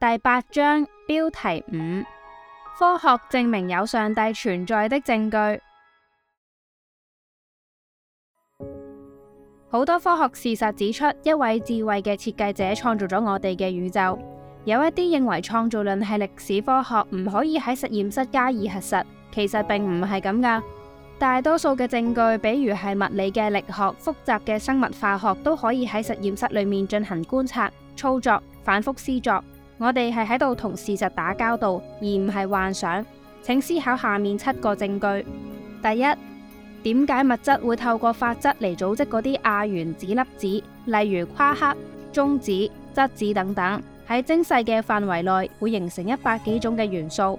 第八章標題五：科學證明有上帝存在的證據。好多科學事實指出，一位智慧嘅設計者創造咗我哋嘅宇宙。有一啲認為創造論係歷史科學，唔可以喺實驗室加以核實。其實並唔係咁噶。大多數嘅證據，比如係物理嘅力學、複雜嘅生物化學，都可以喺實驗室裏面進行觀察、操作、反復試作。我哋係喺度同事實打交道，而唔係幻想。請思考下面七個證據：第一，點解物質會透過法則嚟組織嗰啲亞原子粒子，例如夸克、中子、質子等等，喺精細嘅範圍內會形成一百幾種嘅元素？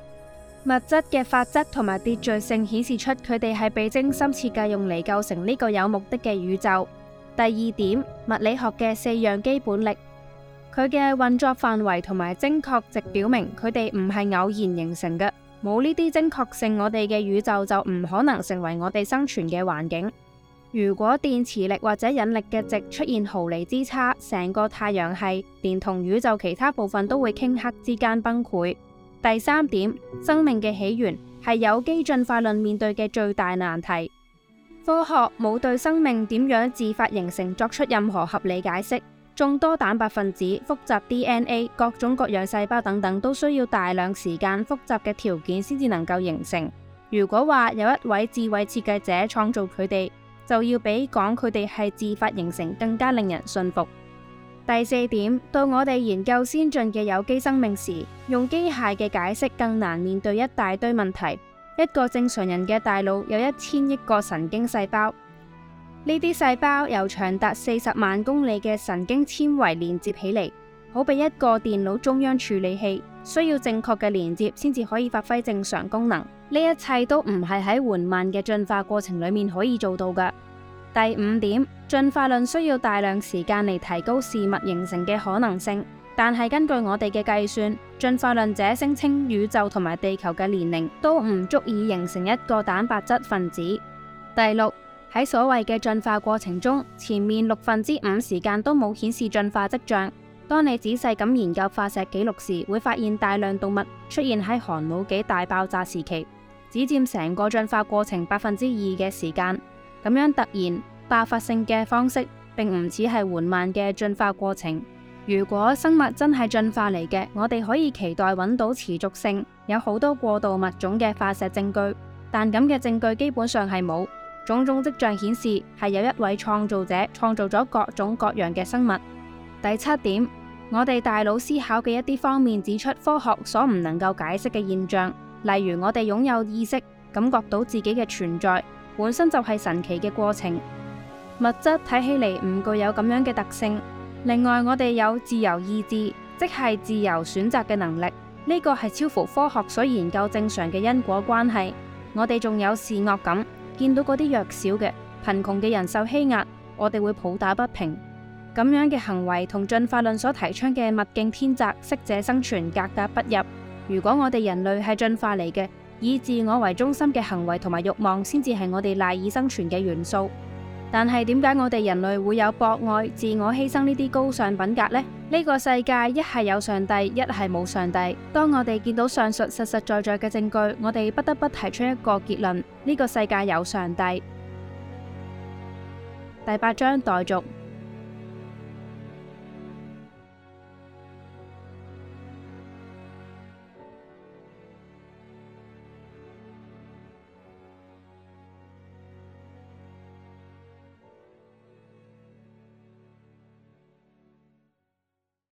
物質嘅法則同埋秩序性顯示出佢哋係被精心設計用嚟構成呢個有目的嘅宇宙。第二點，物理學嘅四樣基本力。佢嘅運作範圍同埋精確值表明，佢哋唔係偶然形成嘅。冇呢啲精確性，我哋嘅宇宙就唔可能成為我哋生存嘅環境。如果電磁力或者引力嘅值出現毫釐之差，成個太陽系連同宇宙其他部分都會頃刻之間崩潰。第三點，生命嘅起源係有機進化論面對嘅最大難題。科學冇對生命點樣自發形成作出任何合理解釋。眾多蛋白分子、複雜 DNA、各種各樣細胞等等，都需要大量時間、複雜嘅條件先至能夠形成。如果話有一位智慧設計者創造佢哋，就要比講佢哋係自發形成更加令人信服。第四點，到我哋研究先進嘅有機生命時，用機械嘅解釋更難面對一大堆問題。一個正常人嘅大腦有一千億個神經細胞。呢啲細胞由長達四十萬公里嘅神經纖維連接起嚟，好比一個電腦中央處理器，需要正確嘅連接先至可以發揮正常功能。呢一切都唔係喺緩慢嘅進化過程裏面可以做到㗎。第五點，進化論需要大量時間嚟提高事物形成嘅可能性，但係根據我哋嘅計算，進化論者聲稱宇宙同埋地球嘅年齡都唔足以形成一個蛋白質分子。第六。喺所謂嘅進化過程中，前面六分之五時間都冇顯示進化跡象。當你仔細咁研究化石記錄時，會發現大量動物出現喺寒武紀大爆炸時期，只佔成個進化過程百分之二嘅時間。咁樣突然爆發性嘅方式，並唔似係緩慢嘅進化過程。如果生物真係進化嚟嘅，我哋可以期待揾到持續性，有好多過渡物種嘅化石證據，但咁嘅證據基本上係冇。種種跡象顯示，係有一位創造者創造咗各種各樣嘅生物。第七點，我哋大腦思考嘅一啲方面指出科學所唔能夠解釋嘅現象，例如我哋擁有意識，感覺到自己嘅存在，本身就係神奇嘅過程。物質睇起嚟唔具有咁樣嘅特性。另外，我哋有自由意志，即係自由選擇嘅能力，呢個係超乎科學所研究正常嘅因果關係。我哋仲有善惡感。見到嗰啲弱小嘅、貧窮嘅人受欺壓，我哋會抱打不平。咁樣嘅行為同進化論所提倡嘅物競天擇、適者生存，格格不入。如果我哋人類係進化嚟嘅，以自我為中心嘅行為同埋欲望，先至係我哋賴以生存嘅元素。但係點解我哋人類會有博愛、自我犧牲呢啲高尚品格呢？呢個世界一係有上帝，一係冇上帝。當我哋見到上述實實在在嘅證據，我哋不得不提出一個結論：呢個世界有上帝。第八章待續。